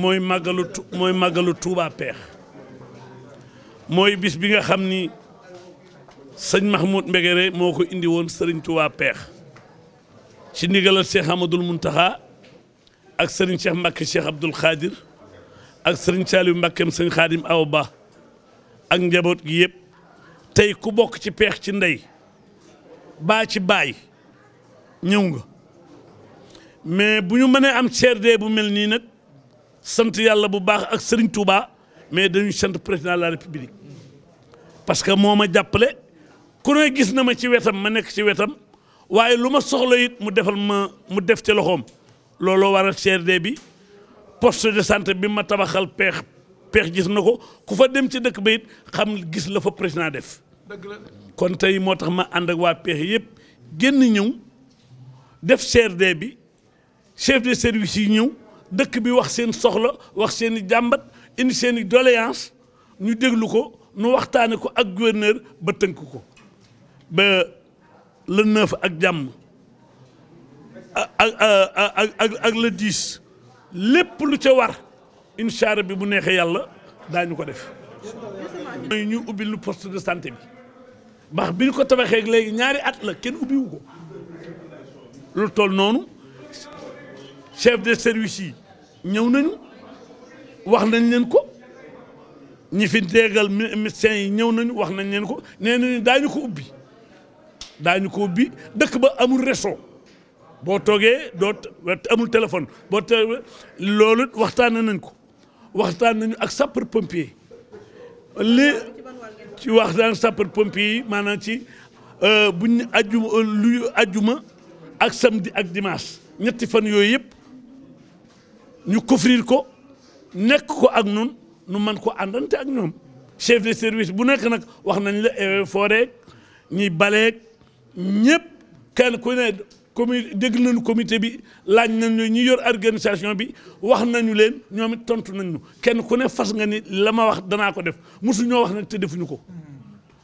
mooy màggalu mooy màggalu Touba Peex mooy bis bi nga xam ni sëñ Mahmoud Mbegere moo ko indi woon sëriñ Touba Peex ci ndigalal Cheikh Amadul Muntaxa ak sëriñ Cheikh Mbacke Cheikh Abdoul Khadir ak sëriñ Saliou Mbackeem sëñ Khadim aw Ba ak njaboot gi yëpp tey ku bokk ci peex ci ndey baa ci baay ñëw nga mais bu ñu mënee am CRD bu mel nii sant yàlla bu baax ak sëriñ Touba mais dañuy sant président de la république parce que moo ma jàppale ku ne gis na ma ci wetam ma nekk ci wetam waaye lu ma soxla it mu defal ma mu def ci loxoom looloo waral CRD bi poste de santé bi ma tabaxal peex peex gis na ko ku fa dem ci dëkk ba it xam gis la fa président def kon tey moo tax ma ànd ak waa peex yëpp génn ñëw def CRD bi chef de service yi ñëw. dëkk bi wax seen soxla wax seen i jàmbat indi seen i ñu déglu ko nu waxtaane ko ak gouverneur ba tënk ko ba le neuf ak jàmm ak ak ak lépp lu ca war incha bi bu neexee yàlla daañu ko def. mooy ñu ubbi lu poste de santé bi ndax bi ñu ko tabaxee léegi ñaari at la kenn ubbiwu ko lu toll noonu. chef de service yi ñëw nañu wax nañ leen ko ñi fi dégal médecins yi ñëw nañu wax nañ leen ko nee nañu daañu ko ubbi daañu ko ubbi dëkk ba amul reso boo toogee doo amul téléphone boo toogee loolu waxtaan nañ ko waxtaan nañu ak sapeur pompier li ci waxtaan sapeur pompier yi maanaam ci euh, buñ aju ajuma ak samedi ak dimanche ñetti fan yooyu yëpp. ñu couvrir ko nekk ko ak nun nu man ko àndante ak ñoom chef de service bu nekk nag wax nañu la ewe fooreeg ñi baleeg ñëpp kenn ku ne comité dégg nañu comité bi laaj nañu ñi yor organisation bi wax nañu leen ñoom it tontu nañu kenn ku ne fas nga ni la ma wax danaa ko def mosu ñoo wax nag te defuñu ko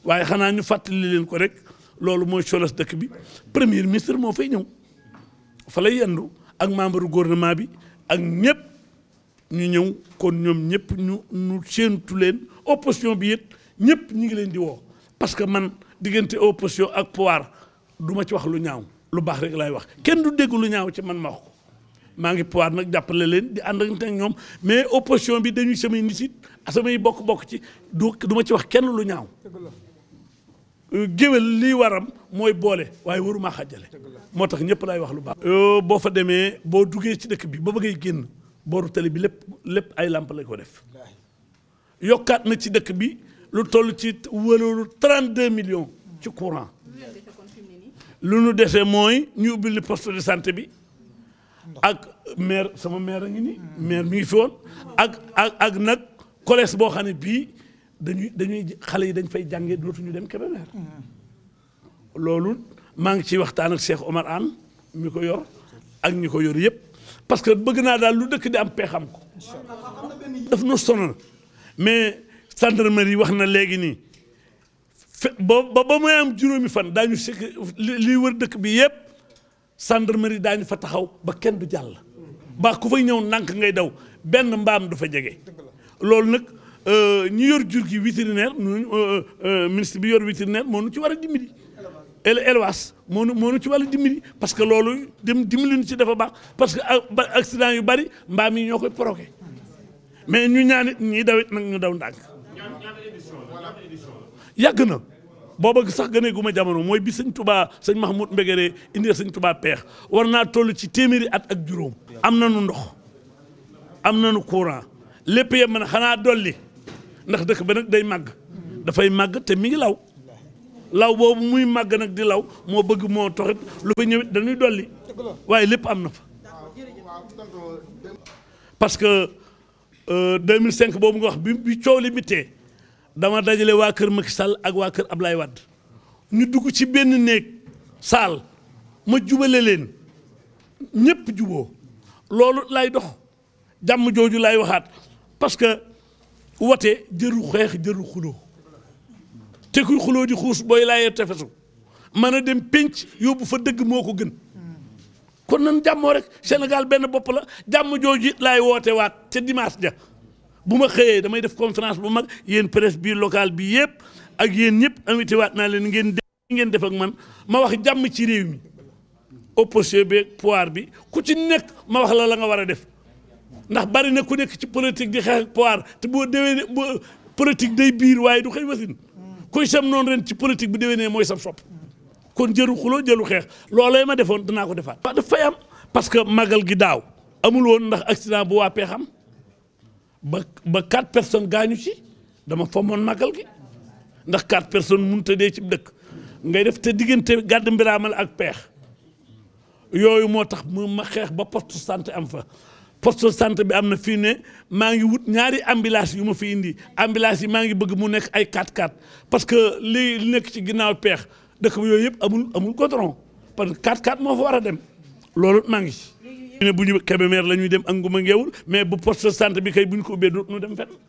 waaye xanaa ñu fàttali leen ko rek loolu mooy solos dëkk bi premier ministre moo fay ñëw fa lay yendu ak membre gouvernement bi ak ñëpp ñu ñëw kon ñoom ñëpp ñu ñu séentu leen opposition bi it ñëpp ñu ngi leen di woo parce que man diggante opposition ak pouvoir duma ci wax lu ñaaw lu baax rek laay wax kenn du dégg lu ñaaw ci man ma wax maa ngi pouvoir nag jàppale leen di ànd ak ñoom mais opposition bi dañuy samay nit it samay bokk-bokk ci du du ci wax kenn lu ñaaw euh, géwél lii waram mooy boole waaye warumaa xàjjale moo tax ñëpp laay wax lu baax euh, boo fa demee boo duggee ci dëkk bi ba bëggee génn booru tali bi lépp lépp ay làmp lañ ko def yokkaat na ci dëkk bi lu toll ci wëloolu 32 millions ci courant lu nu dese mooy ñu ubbi li poste de santé bi ak maire sama maire a ngi ni maire mi ngi fi woon ak ak nag collège boo xam ne bii dañuy dañuy xale yi dañ fay jàngee dootuñu dem Kébémer loolu maa ngi ciy waxtaan ak Cheikh Omar Anne mi ko yor ak ñi ko yor yëpp parce que bëgg naa daal lu dëkk di am pexam am ko. daf nu sonal mais gendarmerie wax na léegi nii fe ba ba may am juróomi fan daañu sekk li wër dëkk bi yëpp gendarmerie daañu fa taxaw ba kenn du jàll. baa ku fay ñëw nànk ngay daw benn mbaam du fa jege. loolu nag euh, ñi yor jur gi vétérinaire euh, euh, ministre bi yor vétérinaire moo nu ci war a dimbali élevage moo nu moo nu ci wàllu dimbali parce que loolu dem dimbali nu ci dafa baax parce que accident yu bari mbaam yi ñoo koy provoqué mais ñu ñaanit ñi dawit na ñu daw ndànk yàgg na booba sax gënee gu ma jamono mooy bi sëñ tubaa sëñ Mahmoud Mbégéré indi sañ tubaa peex war naa toll ci téeméeri at ak juróom am nañu ndox am nañu courant lépp yem na xanaa dolli ndax dëkk ba nag day màgg dafay màgg te mi ngi law law boobu muy màgg nag di law moo bëgg moo toxit lu fa ñëwit dañuy dolli waaye lépp am na fa parce que 2005 euh, boobu nga wax bi bi coow li mittee dama dajale waa kër Macky Sall ak waa kër ab Ablaye Wade ñu dugg ci benn néeg saal ma jubale leen ñëpp juboo loolu lay dox jàmm jooju lay waxaat parce que wote jëru xeex jëru xuloo te kuy xuloo di xuus booy laayee tefesu mën a dem pénc yóbbu fa dëgg moo ko gën kon nan jàmmoo rek Sénégal benn bopp la jàmm jooju laay woote waat te dimanche ja bu ma xëyee damay def conférence bu mag yéen presse bii locale bi yëpp ak yéen ñëpp invité waat naa leen ngeen def ngeen def ak man ma wax jàmm ci réew mi opposition bi pouvoir bi ku ci nekk ma wax la la nga war a def ndax bari na ku nekk ci politique di xeex ak pouvoir te boo déwee politique day biir waaye du xëy wasin koy sam noonu ren ci politique bu déwénee mooy sam sopp kon jëru xuloo jëlu xeex loolee ma defoon danaa ko defaat. waaw daf fay am parce que magal gi daaw amul ndax accident bu waa Pexam ba ba quatre personnes gaañu ci dama fomoon magal gi ndax quatre personnes mënut te dee ci dëkk ngay def te diggante gàdd mbiraamal ak peex yooyu moo tax mu ma xeex ba poste santé am fa. poste santé bi am na fii ne maa ngi wut ñaari ambulance yu ma fi indi ambulance yi maa ngi bëgg mu nekk ay 4 x parce que li nekk ci ginnaaw peex dëkk yooyu yëpp amul amul goudron parce que 4 x moo fa war a dem loolu maa ngi bu ñu Kébémer la ñuy dem ak Ngouma Ngeewul mais bu poste santé bi kay bu ñu ko ubbee nu dem fenn.